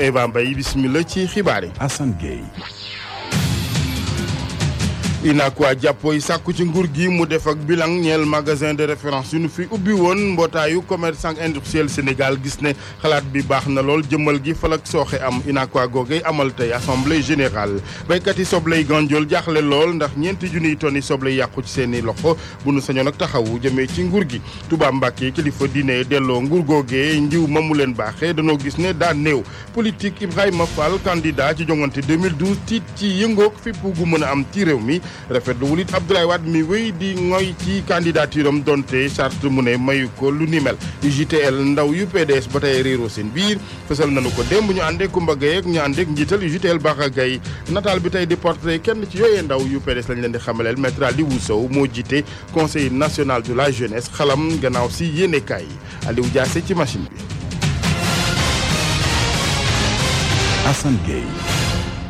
Eva Mbaye ci xibaar yi Assane UNACOIS jàppoo yi sàkku ci nguur gi mu def ak bilang ñeel magasin de référence yu nu fi ubbi woon mbootaayu commerçant industriel Sénégal gis ne xalaat bi baax na lool jëmmal gi falak sooxe am UNACOIS googay amal tey assemblée générale béykat yi soble yi ganjool jaaxle lool ndax ñeenti junniy tonni soble yàqu ci seeni loxo bu nu sañoon ak taxawu jëmee ci nguur gi Touba Mbacké kilifa diine delloo nguur googee njiw ma mu leen baaxee danoo gis ne daa néew politique Ibrahima Fall candidat ci jongante 2012 tiit ci yëngoog fipp gu mën a am ci réew mi rafetlu wul it Abdoulaye Wade mi wéy di ngoy ci candidature am donte charte mu ne mayu ko lu ni mel ndaw yu PDS ba tey réeroo seen biir fësal nañu ko démb ñu àndee Kumba Gaye ak ñu àndee njiital UJTL Baxa nataal bi tey di portrait kenn ci ndaw yu PDS lañ leen di xamaleel maître Aliou Sow moo jiite conseil national de la jeunesse xalam gannaaw si yéenekaay yi Aliou Diassé ci machine bi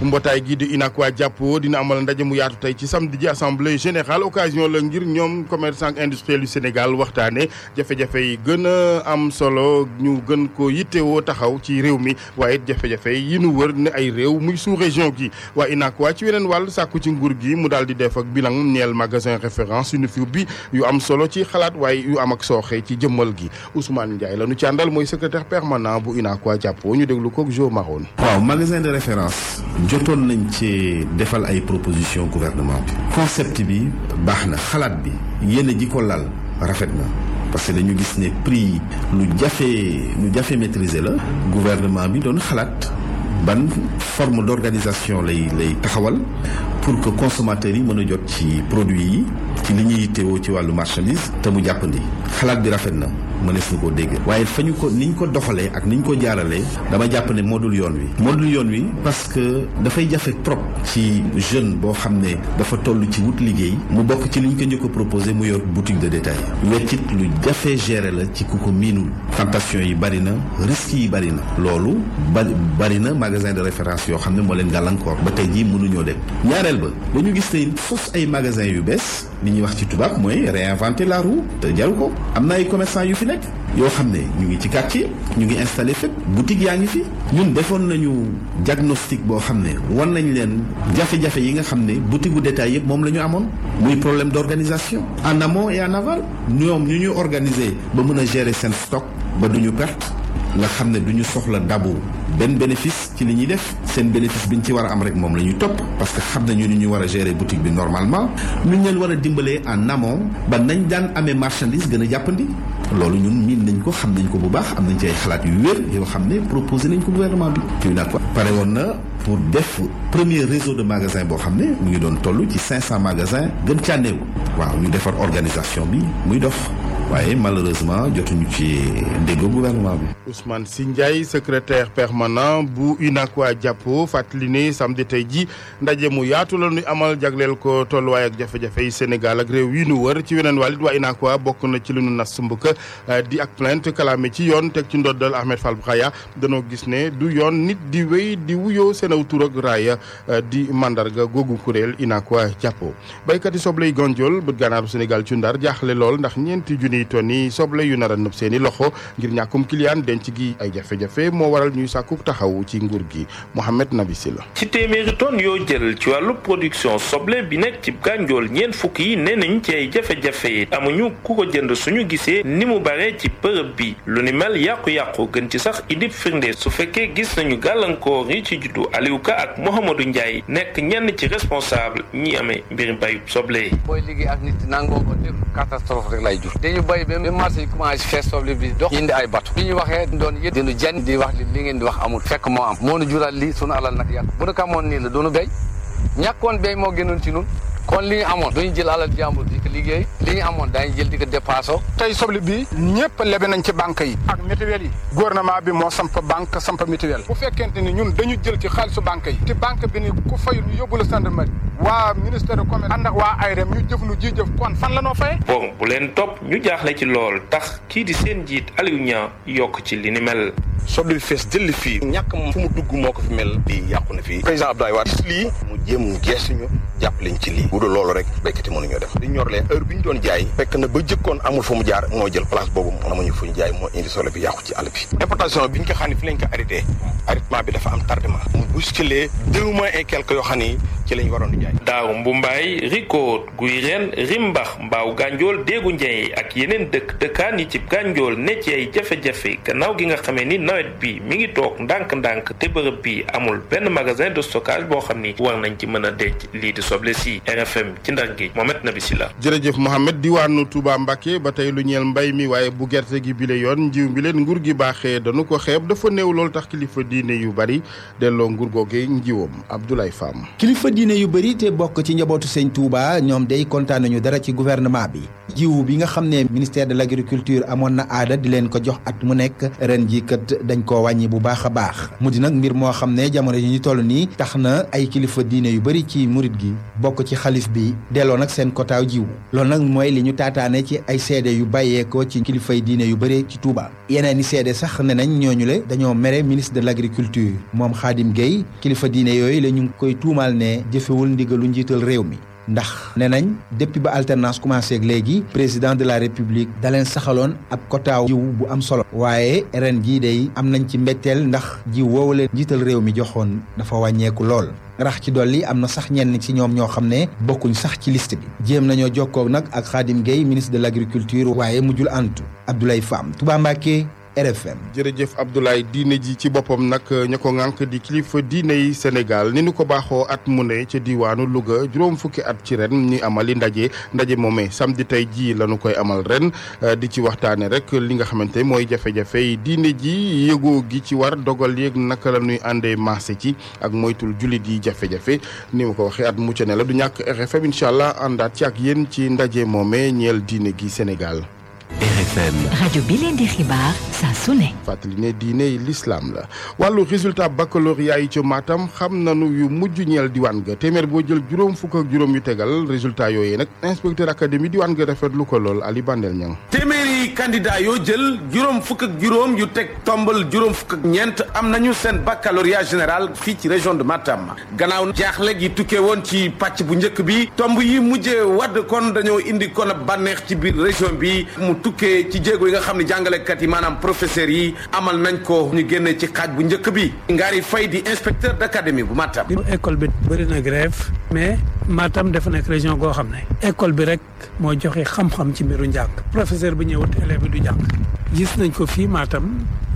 mbootaay gii di UNACOIS jàppoo dina amal ndaje mu yaatu tey ci samedi ji assemblée générale occasion la ngir ñoom commerçant industriel yu Sénégal waxtaane jafe-jafe yi gën am solo ñu gën ko yittewoo taxaw ci réew mi waaye jafe-jafe yi nu wër ne ay réew muy sous région gi waa UNACOIS ci weneen wàll sàkku ci nguur gi mu daal di def ak bilan ñeel magasin référence fi bi yu am solo ci xalaat waaye yu am ak sooxe ci jëmmal gi Ousmane Ndiaye la nu ci àndal mooy secrétaire permanent bu UNACOIS jàppoo ñu déglu ko Jo Marone waaw de référence jotoon nañ ci defal ay proposition gouvernement bi concept bi baax na xalaat bi yéen ji ko lal rafet na parce que dañu gis ne prix lu jafe lu jafe maîtriser la gouvernement bi doon xalaat ban forme d'organisation lay lay taxawal pour que consommateurs yi mën a jot ci produit yi ci li ñuy teewoo ci wàllu marchandise te mu jàppandi xalaat bi rafet na mënees na koo dégg waaye fa ñu ko ni ñu ko doxalee ak ni ñu ko jaaralee damay jàpp ne moo yoon wi moo yoon wi parce que dafay jafe trop ci jeune boo xam ne dafa toll ci wut liggéey mu bokk ci li ñu ko njëkk mu yor boutique de détail weccit lu jafe gere la ci ku ko miinul tentation yi bari na risques yi na loolu bari magasin de référence yoo xam ne moo leen gàllankoor ba tey jii mënuñoo dem ñaareel ba dañu gis tey sos ay magasin yu bees li ñuy wax ci tubaab mooy réinventer la roue te jaru ko am na ay commerçant yu fi nekk yoo xam ne ñu ngi ci quartier ñu ngi installé fépp boutique yaa ngi fi ñun defoon nañu diagnostic boo xam ne war nañ leen jafe-jafe yi nga xam ne boutique bu détail yëpp moom la ñu amoon muy problème d'organisation en amont et en aval ñoom ñu ñu organiser ba mën a gérer seen stock ba duñu perte nga xam ne duñu soxla dabu benn bénéfice ci li ñuy def seen bénéfice bi ñu ci war a am rek moom la ñuy topp parce que xam nañu ni ñuy war a gérer boutique bi normalement ñu leen war a dimbalee en amont ba nañ daan amee marchandise gën a jàppandi loolu ñun miin nañ ko xam nañ ko bu baax am nañ ci ay xalaat yu wér yoo xam ne proposé nañ ko gouvernement bi tuy naa ko pare woon na pour def premier réseau de magasin boo xam ne mu ngi doon toll ci magasin magasins gën cànneewu waaw ñu defar organisation bi muy dof waaye malheureusement jotuñu ci déggoo gouvernement bi. Ousmane Sy Ndiaye secrétaire permanent bu UNACOIS Jàppo fàttali ne samedi tey ji ndaje mu yaatu la ñu amal jagleel ko tolluwaay ak jafe-jafe yi Sénégal ak réew yi nu wër ci weneen wàllit waa UNACOIS bokk na ci lu nu nas mbëkk euh, di ak plainte kalaame ci yoon teg ci ndoddal Ahmed Fall Braya danoo gis ne du yoon nit di wéy di wuyoo seen aw tur ak raaya euh, di mandarga googu kuréel UNACOIS Jàppo béykat yi sobley gonjol bët gànnaaru Sénégal ci Ndar jaaxle lool junniy tonnes yi soble yu nar a nëb seen i loxo ngir ñàkkum client denc gi ay jafe-jafe moo waral ñuy sàkku taxaw ci nguur gi Mouhamed Nabi Sylla ci téeméeri tonnes yoo jël ci wàllu production soble bi nekk ci gànjool ñeent fukk yi nee nañ ci ay jafe-jafe amuñu ku ko jënd suñu gisee ni mu bare ci përëb bi lu ni mel yàqu-yàqu gën ci sax idib firnde su fekkee gis nañu gàllankoor yi ci juddu Aliou Ka ak Mouhamadou Ndiaye nekk ñenn ci responsable ñi amee mbir mbayub soble. bay ba ba marché yi commencé fees soble bi dox indi ay batu li ñuy waxee doon yët dinu jan di wax li li ngeen di wax amul fekk moo am moo nu jural lii sunu alal nag yàlla bu nu ko amoon nii la doonu béy ñàkkoon béy moo gënoon ci nun kon li ñu amoon dañu jël alal jàmbur di ko liggéey li ñu amoon daañu jël di ko tey soble bi ñëpp lebe nañ ci banque yi ak mutuelle yi gouvernement bi moo samp banque samp mutuelle bu fekkente ni ñun dañu jël ci xaalisu banque yi te banque bi ni ku ñu yóbbu la gendarmerie waa ministère de commerce ànd ak waa ARM ñu jëf lu ji jëf kon fan la noo fay bon bu leen topp ñu jaaxle ci lool tax kii di seen jiit Aliou Niang yokk ci li ni mel soble bi fees jël fii ñàkk moom fu mu dugg moo ko fi mel lii yàqu na fii président Abdoulaye Wade gis lii mu jéem geesuñu jàpp lañ ci lii bu dul loolu rek béykat yi mënuñoo def di ñorlee heure bi ñu doon jaay fekk na ba jëkkoon amul fu mu jaar moo jël place boobu amuñu fu ñu jaay moo indi soble bi yàqu ci àll bi importation bi ñu ko xam ne fi lañ ko arrêté arrêtement bi dafa am tardement mu bousculé deux mois et quelques yoo xam ni ci lañ waroon di jaay daaw mbumbaay rikoot guy ren mbaax mbaaw gànjool déegu njey ak yeneen dëkk dëkkaan yi ci gànjool ne ci ay jafe-jafe gannaaw gi nga xamee ni nawet bi mi ngi toog ndànk-ndànk te bërëb bi amul benn magasin de stockage boo xam ni war nañ ci mën a denc lii di soble si RFM ci ndar gi na Nabi Silla jërëjëf Mohamed diwaanu Touba Mbacke ba tey lu ñeel mbay mi waaye bu gerte gi bile yoon njiw bi leen nguur gi baaxee dañu ko xeeb dafa néew loolu tax kilifa diine yu bari delloo nguur googee njiwam Abdoulaye Fam diine yu bëri te bokk ci njabootu sëñ Touba ñoom day kontaan nañu dara ci gouvernement bi jiw bi nga xam ne ministère de l' agriculture amoon na aada di leen ko jox at mu nekk ren ji kat dañ koo wàññi bu baax a baax mu di nag mbir moo xam ne jamono yi ñu toll nii tax na ay kilifa diine yu bëri ci murit gi bokk ci xalif bi delloo nag seen kotaaw jiw loolu nag mooy li ñu taataane ci ay seede yu bàyyeekoo ci kilifay diine yu bëri ci Touba yeneen i seede sax ne nañ ñooñu le dañoo mere ministre de l' agriculture moom Khadim Gueye kilifa diine yooyu la jëfewul lu njiital réew mi ndax ne nañ depuis ba alternance commencé ak léegi président de la république da saxaloon ab kotaaw jiw bu am solo waaye ren jii dey am nañ ci mbetteel ndax jiw woowu leen njiital réew mi joxoon dafa wàññeeku lool rax ci dolli am na sax ñenn ci ñoom ñoo xam ne bokkuñ sax ci liste bi jéem nañoo jokkoo nag ak Khadim Gueye ministre de l' agriculture waaye mujjul antu Abdoulaye Fam Touba Mbacké RFM. jërëjëf Abdoulaye diine ji ci boppam nag euh, ña ko ŋànk di kilifa diine yi Sénégal ni nu ko baaxoo at mu ne ca diwaanu Louga juróom fukki at ci ren ñu amali ndaje ndaje moomee samedi tey jii la ñu koy amal ren euh, di ci waxtaane rek li nga xamante mooy jafe-jafe yi diine ji yëgoo gi ci war dogal yeeg naka la ñuy àndee marché ci ak moytul jullit yi jafe-jafe ni ma ko waxee at mucc la du ñàkk RFM incha allah àndaat ci ak yéen ci ndaje moomee ñeel diine gi Sénégal. RFM rajo bi leen di xibaar saa su ne. fàttali ne diine yi lislaam la wàllu résultat baccalauréat yi ci Matam xam nanu yu mujj ñeel diwaan ga téeméer boo jël juróom fukk ak juróom yu tegal résultat yooyu nag inspecteur académie diwaan ga rafetlu ko lool Ali Bandel Niang. candidat yoo jël juróom fukk ak juróom yu teg tombal juróom fukk ak ñeent am nañu seen baccalauréat général fii ci région de Matam gannaaw jaaxle gi tukkee woon ci pàcc bu njëkk bi tomb yi mujjee wadd kon dañoo indi kon ab bànneex ci biir région bi mu tukkee ci jéego yi nga xam ne jàngalekat yi maanaam professeurs yi amal nañ ko ñu génnee ci xaaj bu njëkk bi Ngari fay di inspecteur d'académie bu Matam. école bi bëri na grève mais Matam dafa nekk région goo xam ne école bi rek moo joxe xam ci mbiru njàng professeur bi ñëwut élèves yi du jàng gis nañ ko fi Matam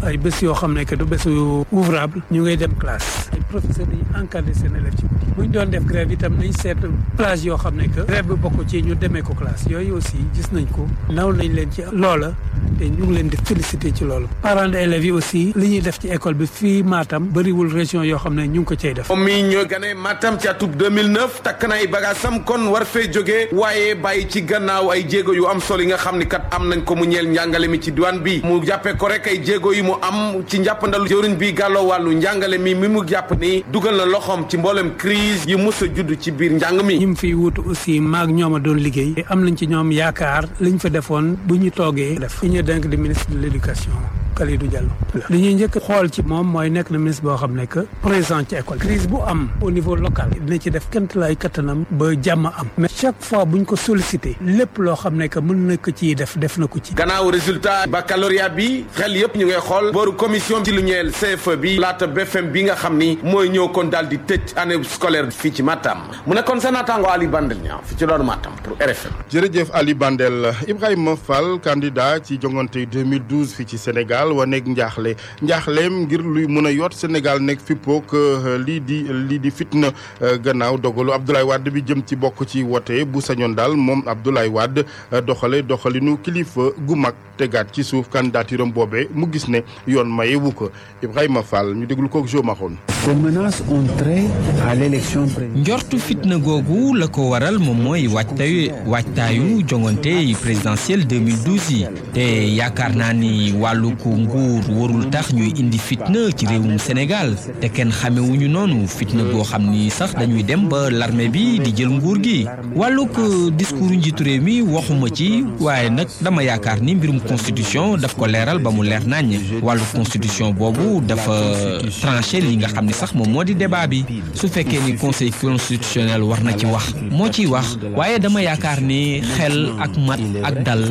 ay bés yoo xam ne que du bésu ouvrable ñu ngay dem classe ay professeur dañuy encadré seen élève ci guddi bu ñu doon def grève itam nañ seet plage yoo xam ne que grève bi bokk ci ñu demee ko classe yooyu aussi gis nañ ko naw nañ leen ci loola te ñu ngi leen di félicité ci loolu parents d'élèves yi aussi li ñuy def ci école bi fii Matam bëriwul région yoo xam ne ñu ngi ko cay def moom mi ñoo ganee Matam ci atub 2009 takk na ay bagaasam kon war fee jógee waaye bàyyi ci gannaaw ay jéego yu am solo yi nga xam ni kat am nañ ko mu ñeel njàngale mi ci diwaan bi mu jàppee ko rek ay jéego mu am ci njàppandalu jëwriñ bi gàlloo wàllu njàngale mi mi mu jàpp ni dugal na loxoom ci mboolem crise yi mës a judd ci biir njàng mi. ñi mu fiy wutu aussi maag ñoom a doon liggéey. am nañ ci ñoom yaakaar liñ fa defoon bu ñu toogee. def ñu denk di ministre de l'éducation Kalidou Diallo li ñuy njëkk xool ci moom mooy nekk na ministre boo xam ne que présent ci école crise bu am au niveau local dina ci def kent laay kattanam ba jàmm am mais chaque fois buñ ko sollicité lépp loo xam ne que mën nekk ci def def na ko ci gannaaw résultat baccalauréat bi xel yëpp ñu ngay xool booru commission ci lu ñeel CFE bi laata BFM bi nga xam ni mooy ñëw kon daal di tëj année scolaire fii ci Matam mu nekkoon sa naataango Ali Bandel ñaaw fi ci doon Matam pour RFM jërëjëf Ali Bandel Ibrahima Fall candidat ci jongante fii ci Sénégal Sénégal waneeg njaaxle njaaxleem ngir luy mën a yoot Sénégal nekk fippook euh, lii di lii di fitna euh, gannaaw dogalu Abdoulaye Wade bi jëm ci bokk ci wote bu sañoon daal moom Abdoulaye Wade euh, doxale doxalinu kilifa gu mag tegaat ci suuf candidature am boobee mu gis ne yoon mayewu ko Ibrahima Fall ñu déglu kook Jo Maxoon. Ces menaces ont trait à l'élection présidentielle. njortu fitna googu la ko waral moom mooy waajtayu waajtaayu jongante présidentielle 2012 yi te yaakaar naa ni wàllu ku nguur warul tax ñuy indi fitna ci réewum Sénégal te kenn xamewuñu noonu fitna goo xam ni sax dañuy dem ba larme bi di jël nguur gi wàllug euh, discours njiitu réew mi waxuma ci waaye nag dama yaakaar ni mbirum constitution daf ko leeral ba mu leer naññ wàllu constitution boobu dafa euh, tranché li nga xam ni sax moom moo di débat bi su fekkee ni conseil constitutionnel war na ci wax moo ciy wax waaye dama yaakaar ni xel ak mat ak dal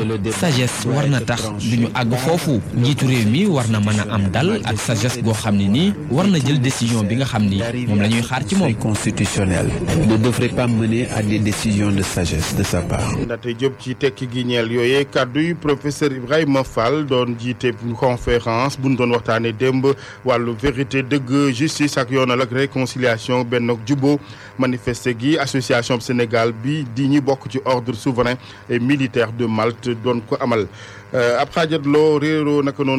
sagesse war na réew mi war na mën a am dal ak sagesse goo xam ne nii war na jël décision bi nga xam ni moom la ñuy xaar ci moom. constitutionnel ne devrait pas mener à des décisions de sagesse de sa part. Ndaxte Diop ci tekki gi ñeel yooyee kàddu yi professeur Ibrahima Fall doon jiite conférence bu ñu doon waxtaanee démb wàllu vérité dëgg justice ak yoonal ak réconciliation benn ak jubbo manifester gi association Sénégal bi di ñi bokk ci ordre souverain et militaire de Malte doon ko amal euh, ab xaajat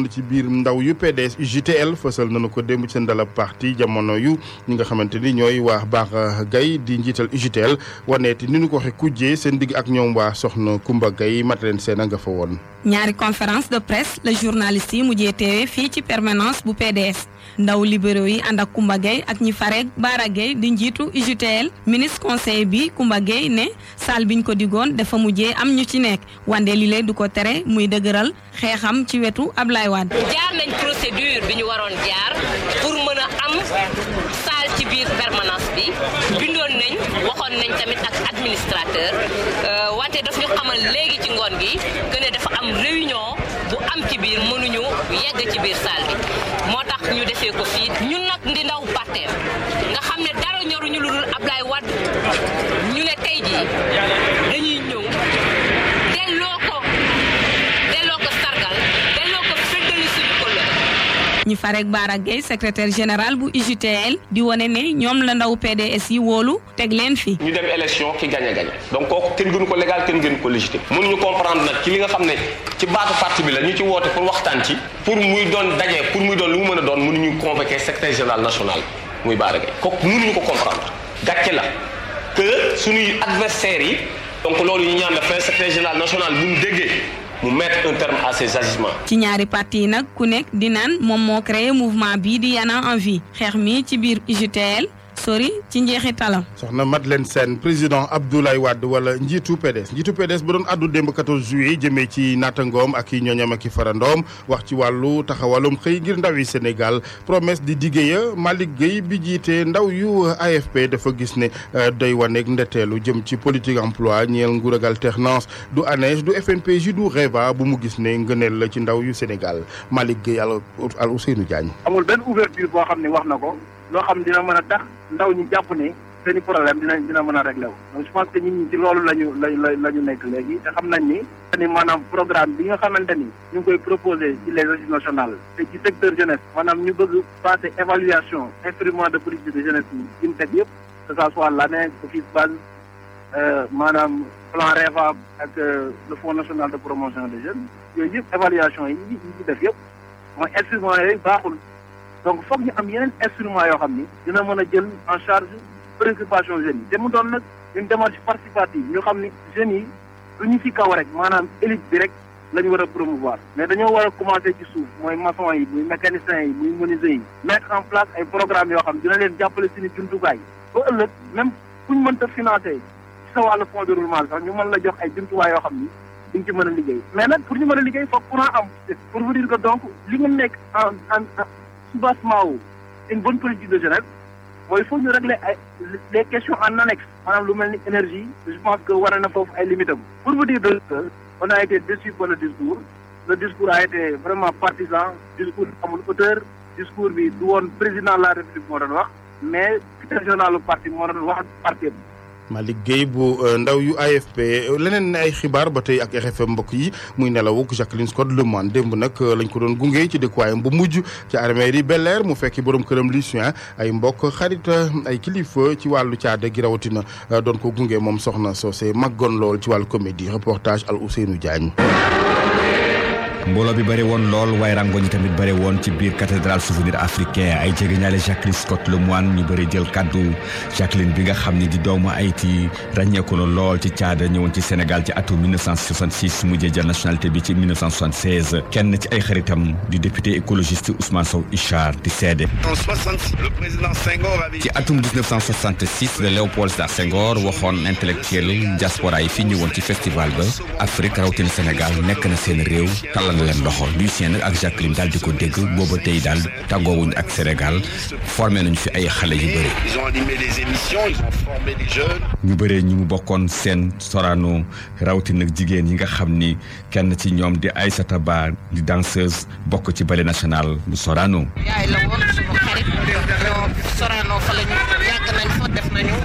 ànd ci biir ndaw yu PDS UJTL fësal nañu ko démb ci seen dalab parti jamono yu ñi nga xamante ni ñooy waa Bara Gaye di njiital UJTL waneeti ni ñu ko waxee kujjee seen digg ak ñoom waa soxna Kumba Gaye Madeleine a nga fa woon. ñaari ndaw libéraux yi ànd ak Koumba Gueye ak ñi fareeg Bara Gueye di njiitu UJTL ministre conseil bi Koumba Gueye ne salle biñ ko digoon dafa mujjee am ñu ci nekk wande li lay du ko tere muy dëgëral xeexam ci wetu Ablaye Wade. jaar nañ procédure bi ñu waroon jaar pour mën a am salle ci biir permanence bi. waxoon nañ tamit ak administrateur euh, wante daf ñu amal léegi ci ngoon gi que dafa am réunion bu am ci biir mënuñu yegg ci biir salle bi moo tax ñu defee ko fii ñun nag ndi ndaw parteem nga xam ne dara ñoruñu lu dul Ablaye Wade ñu ne tey jii dañuy ñu farek Bara Gueye général bu UJTL di wane ne ñoom la ndaw PDS yi wóolu teg leen fi. ñu dem élection ki gañ a gañ donc kooku kenn gënu ko légal kenn gënu ko légitime mënuñu comprendre nag ci li nga xam ne ci baatu parti bi la ñu ci woote pour waxtaan ci pour muy doon daje pour muy doon lu mu mën a doon mënuñu convoquer secrétaire général national muy Bara Gueye kooku ko comprendre gàcce la que suñuy adversaires yi donc loolu ñu ñaan la fin secrétaire mu déggee. mu mettre un terme à ces agissements. ci ñaari parti yi nag ku nekk di naan moom moo créé mouvement bii di Y'en a envie xeex mi ci biir UJTL sori ci njeexitalam. soxna Madeleine Sène président Abdoulaye Wade wala njiitu PDS njiitu PDS ba doon àddu démb 14 juillet jëmee ci natangoom ak i ñooñam ak i farandoom wax ci wàllu taxawalum xëy ngir ndawi senegal promesse di diggéeya Malick Gueye bi jiite ndaw yu AFP dafa gis ne euh, doy waneeg ndeteelu jëm ci politique emploi ñeel nguur ak alternance du ANEJ du FNPJ du REVA bu mu gis ne ngëneel la ci ndaw yu Sénégal Malick Gueye al Ousseynou Diagne amul benn ouverture boo xam ne wax ko loo xam dina mën a tax ndaw ñi jàpp ni seen i problème dina dina mën a réglé wu donc je pense que nit ñi ci loolu la ñu la la ñu nekk léegi te xam nañ ni ni maanaam programme bi nga xamante ni ñu ngi koy proposé l les assises nationales te ci secteur jeunesse maanaam ñu bëgg passé évaluation instrument de politique de jeunesse yi ci teg yëpp que ça soit l'ANED office base euh, maanaam plan REVA ak euh, le fonds national de promotion des jeunes yooyu yëpp évaluation yi ñu ci def yëpp mooy instrument yooyu baaxul donc foog ñu am yeneen instrument yoo xam ni dina mën a jël en charge préoccupation jeunes yi doon nag une démarche participative ñu xam ni jeunes yi du ñu ci kaw rek maanaam élite bi rek la ñu war a promouvoir mais dañoo war a commencer ci suuf mooy maçon yi muy mécanicien yi muy menuisier yi mettre en place ay programmes yoo xam dina leen jàppale suñu jumtukaay ba ëllëg même kuñ mënta financer ci sa wàllu fond de roulement sax ñu mën la jox ay jumtuwaay yoo xam ni duñ ci mën a liggéey mais nag mën a liggéey foog courant am pour vous dire soubassement wu une bonne politique de jeunesse mooy il faut ñu régler ay les questions en annexe maanaam lu mel ni énergie je pense que war na foofu ay limitam pour vous dire que on a été déçu par le discours le discours a été vraiment partisan discours amul auteur discours bi du woon président de la république moo wax mais secrétaire général parti moo doon wax parti Malick liggéey bu euh, ndaw yu AFP euh, leneen ne ay xibaar ba tey ak RFM mbokk yi muy nelawuk Jacqueline Scott Lemoine démb nag euh, lañ ko doon gunge ci dëkkuwaayam bu mujj ci armée yi Bel Air mu fekki borom këram Lucien ay mbokk xarit ay kilifa ci wàllu caada gi rawatina doon ko gunge moom soxna soosé maggoon lool ci wàllu comédie reportage Al Ousseynou Diagne mbooloo bi bëri woon lool waaye rangoñ yi tamit bëri woon ci biir cathédrale souvenir africain ay jege ñaale Jacqueline Scott Lemoine ñu bëri jël kaddu Jacqueline bi nga xam ni di doomu Haïti ràññeeku na lool ci caada ñëwoon ci Sénégal ci atum 1966 mujjee jël nationalité bi ci 1976 kenn ci ay xaritam di député écologiste Ousmane Sow Ichard di seede. ci atum 1966 la Léopold Sédar Senghor waxoon intellectuel diaspora yi fi ñëwoon ci festival ba Afrique rawatina Sénégal nekk na seen réew tàllal leen ak Jacqueline daal di ko dégg booba tey ak Sénégal formé nañu fi ay xale yu bëri. ils ñu bëree ñi mu bokkoon seen Sorano rawatina nag jigéen yi nga xam ni kenn ci ñoom di ay Ba di danseuse bokk ci ballet national bu Sorano. yaay la woon suñu xarit Sorano fa la ñu yàgg nañ fa def nañu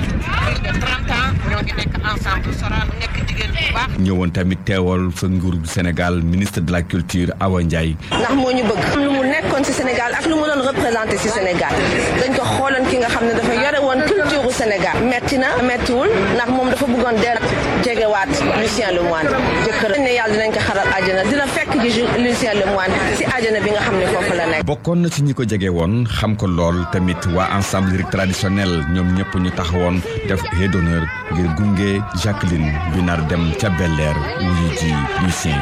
ñëwoon tamit teewal fa nguur bu Sénégal ministre de la culture Awa Ndiaye. ndax moo ñu bëgg. lu mu nekkoon ci Sénégal ak lu mu doon représenté ci Sénégal dañ ko xooloon ki nga xam ne dafa yore woon culture Sénégal. metti mettiwul ndax moom dafa bëggoon dell jegewaat Lucien Lemoine jëkkër ne yàlla dinañ bi nga xam ne foofu la nekk. bokkoon na ci ñi ko jege woon xam ko lool tamit waa ensemble lyrique traditionnel ñoom ñëpp ñu taxawoon def raie d'honneur ngir gunge Dakar dem ca Bel-Air wuyu ji Lucien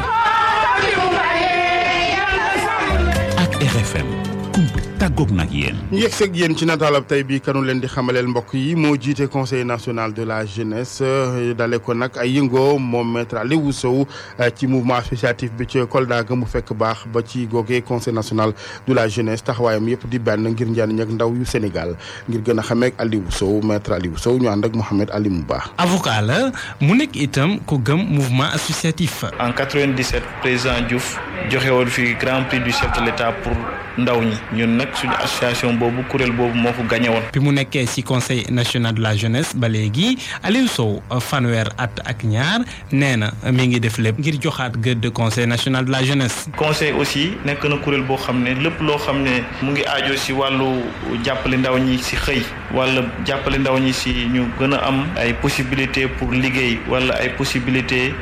ak RFM kump tàggoog nag yéen yegseeg yéen ci nataalab tey bi kanu leen di xamaleel mbokk yi moo jiite conseil national de la jeunesse euh, dale ko nag ay yëngoo moom maître Aliou Sow euh, ci mouvement associatif bi ci Kolda ga mu fekk baax ba ci googee conseil national de la jeunesse taxawaayam yëpp di benn ngir njariñ ak ndaw yu Sénégal ngir gën a xameek Aliou Sow maître Aliou Sow ñu ànd ak Mouhamed Ali Mouba avocat la mu nekk ndaw ñi ñun nag suñu association boobu kuréel boobu moo ko gañe woon. bi mu nekkee ci conseil national de la jeunesse ba léegi Aliou Sow euh, fanweer at ak ñaar nee na mi ngi def lépp ngir joxaat gëdd conseil national de la jeunesse. conseil aussi nekk na kuréel boo xam ne lépp loo xam ne mu ngi aajo ci wàllu jàppale ndaw ñi ci xëy walla jàppale ndaw ñi ci ñu gën a am ay possibilité pour liggéey walla ay possibilité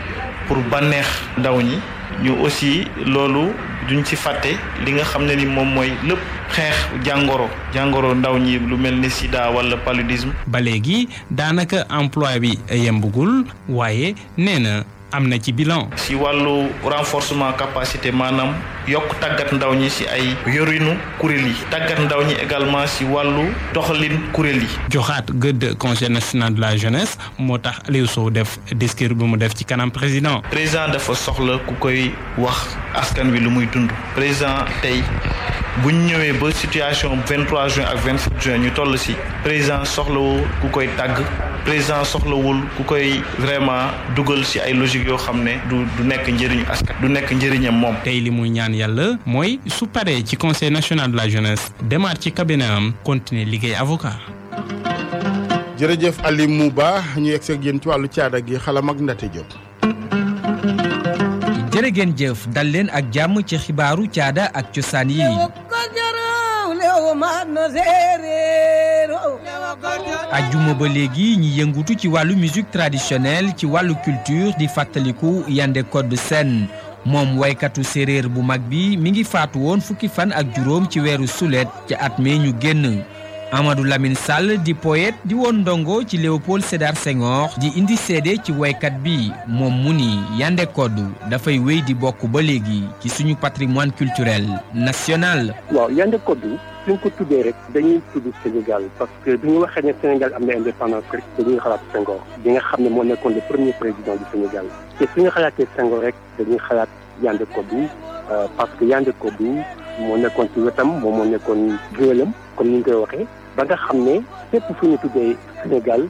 pour bànneex ndaw ñi ñu aussi loolu. duñ ci fàtte li nga xam ne ni moom mooy lépp xeex jàngoro jàngoro ndaw ñi lu mel ni sida wala paludisme. ba léegi daanaka emploi bi yembugul waaye nee na am na ci bilan. si wàllu renforcement capacité maanaam yokk tàggat ndaw ñi si ay yorinu kuréel yi tàggat ndaw ñi également si wàllu doxalin kuréel yi. joxaat gëdd conseil national de la jeunesse moo tax Aliou Sow def discours bu mu def ci kanam président. président dafa soxla ku koy wax askan wi lu muy dund président tey. bu ñëwee ba situation 23 juin ak 27 juin ñu toll si président soxlawul ku koy tàgg président soxlawul ku koy vraiment dugal si ay logique yoo xam ne du du nekk njëriñu askan du nekk njëriñam moom. tey li muy ñaan yàlla mooy su paree ci conseil national de la jeunesse demaat ci cabinet am continuer liggéey avocat. jërëjëf Ali Mouba ñu yegg seeg yéen ci wàllu caada gi xalam ak Ndate Diop. jërë ngeen dal leen ak jàmm ci xibaaru caada ak cosaan yi oh. ajjuma ba léegi ñi yëngutu ci wàllu musique traditionnelle ci wàllu culture di fàttaliku Yandé Codou Sène moom waykatu séeréer bu mag bi mi ngi faatu woon fukki fan ak juróom ci weeru suleet ci at mee ñu génn Amadou Lamine Sall di poète di woon ndongo ci Léopold Sédar Senghor di indi seede ci woykat bi moom mu ni Yandé Codou dafay wéy di bokk ba léegi ci suñu patrimoine culturel national. waaw Yandé Codou suñ ko tuddee rek dañuy tudd Sénégal parce que bi ñu waxee ne am na indépendance xalaat Senghor bi nga xam ne moo nekkoon le premier président du Sénégal te suñu xalaatee Senghor rek dañuy xalaat Yandé Codou euh, parce que Yandé Codou moo nekkoon ci wetam moom moo nekkoon géelam comme ni ñu koy waxee. ba nga xam ne fépp fu ñu tuddee Sénégal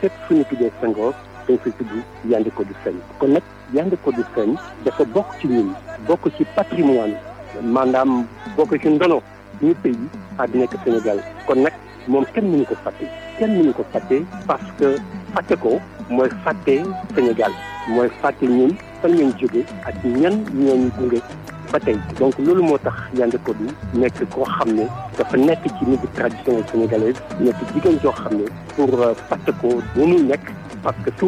fépp fu ñu tuddee Senghor dañ fa tudd Yandé Codou Sène kon nag Yandé Codou Sène dafa bokk ci ñun bokk ci patrimoine maanaam bokk ci ndono ñu pays àddina ak Sénégal kon nag moom kenn mënu ko fàtte kenn mënu ko fàtte parce que fàtte ko mooy fàtte Sénégal mooy fàtte ñun fan lañ jóge ak ñan ñoo ñu gunge ba tey donc loolu moo tax Yandé Codou nekk koo xam ne dafa nekk ci musique traditionnelle sénégalaise nekk jigéen joo xam ne pour euh, fàtte ko mu muy nekk parce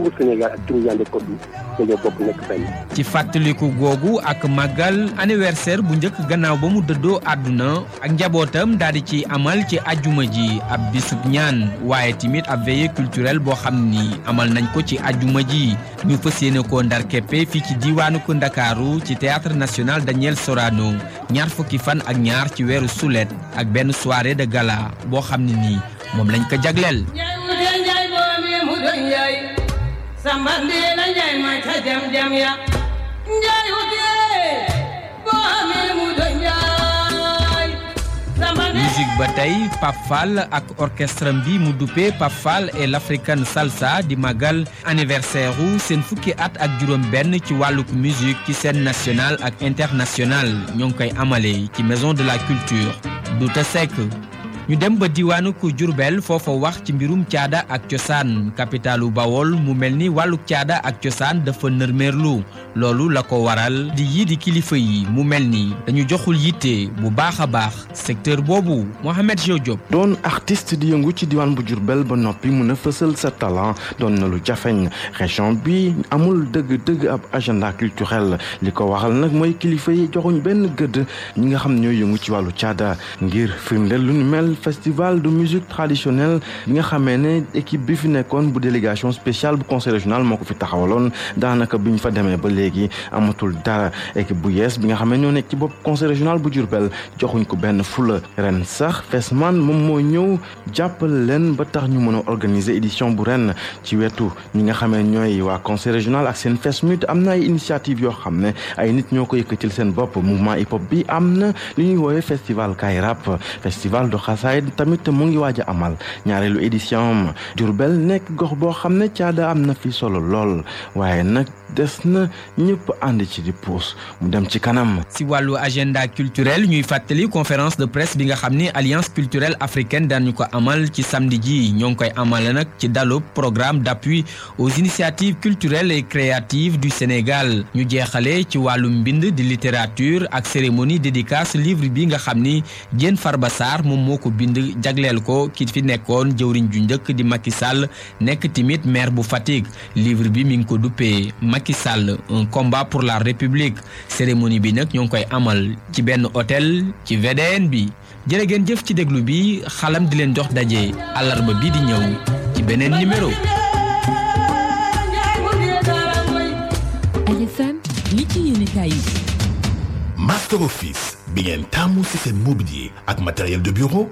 ci fàttaliku googu ak màggal anniversaire bu njëkk gannaaw ba mu dëddoo àdduna ak njabootam daal di ci amal ci ajjuma ji ab bisub ñaan waaye tamit ab veillée culturelle boo xam ni amal nañ ko ci ajjuma ji ñu fas yéene ko ndar keppe fii ci diiwaanu ko Ndakaaru ci théâtre national Daniel Sorano ñaar fukki fan ak ñaar ci weeru sulet ak benn soirée de gala boo xam ne nii moom lañ ko jagleel. samba ndiina njaay ma ca jam ya njaay hutee boo amee mu do njaay samba ba tey Pape Fall ak orchestre bi mu duppee Pape Fall et l'African Salsa di magal anniversaire u seen fukki at ak juróom benn ci wàlluk musique ci scène nationale ak internationale ñoo ngi koy amalee ci maison de la culture Douta Seck ñu dem ba diwaanu ku Jurbel foofa wax ci mbirum caada ak cosaan capitalu Bawol mu mel ni wàlluk caada ak cosaan dafa nërmeerlu loolu la ko waral di yii di kilifa yi mu mel ni dañu joxul yitte bu baax a baax secteur boobu Mohamed Jo Diop doon artist di yëngu ci diwaan bu Jurbel ba noppi mën a fësal sa talent doon na lu jafeñ région bi amul dëgg-dëgg ab agenda culturel li ko waxal nag mooy kilifa yi joxuñ benn gëdd ñi nga xam ñooy yëngu ci wàllu caada festival de musique traditionnelle bi nga xamee ne équipe bi fi nekkoon bu délégation spéciale bu conseil régional moo ko fi taxawaloon daanaka bi ñu fa demee ba léegi amatul dara équipe bu yees bi nga xamee ñoo nekk ci bopp conseil régional bu Diourbel joxuñ ko benn fula ren sax Fesman moom moo ñëw jàppale leen ba tax ñu mën a organiser édition bu ren ci wetu ñi nga xamee ñooy waa conseil régional ak seen Fesmut am na ay initiative yoo xam ne ay nit ñoo ko yëkkatil seen bopp mouvement hip hop bi am na li ñuy woowee festival Kayrap festival doxas xasaayid tamit mu ngi waaj a amal ñaareelu édition Diourbel nekk gox boo xam ne caada am na fi solo lool waaye nag des na ñëpp ànd ci di puus mu dem ci kanam. si wàllu agenda culturel ñuy fàttali conférence de presse bi nga xam ni alliance culturelle africaine daañu ko amal ci samedi ji ñoo ngi koy amale nag ci dalu programme d'appui aux initiatives culturelles et créative du Sénégal ñu jeexale ci wàllu mbind di littérature ak cérémonie dédicace livre bi nga xam ni Diène Farba Sarr moom moo ko bind jagleel ko kii fi nekkoon jëwriñ ju njëkk di Macky Sall nekk tamit maire bu Fatick livre bi mi ngi ko duppee Macky Sall un combat pour la République cérémonie bi nag ñoo ngi koy amal ci benn hôtel ci VDN bi jërë ngeen jëf ci déglu bi xalam di leen jox daje àllarba bi di ñëw ci beneen numéro. RFM li bi ngeen taamu ci seen mobilier ak matériel de bureau.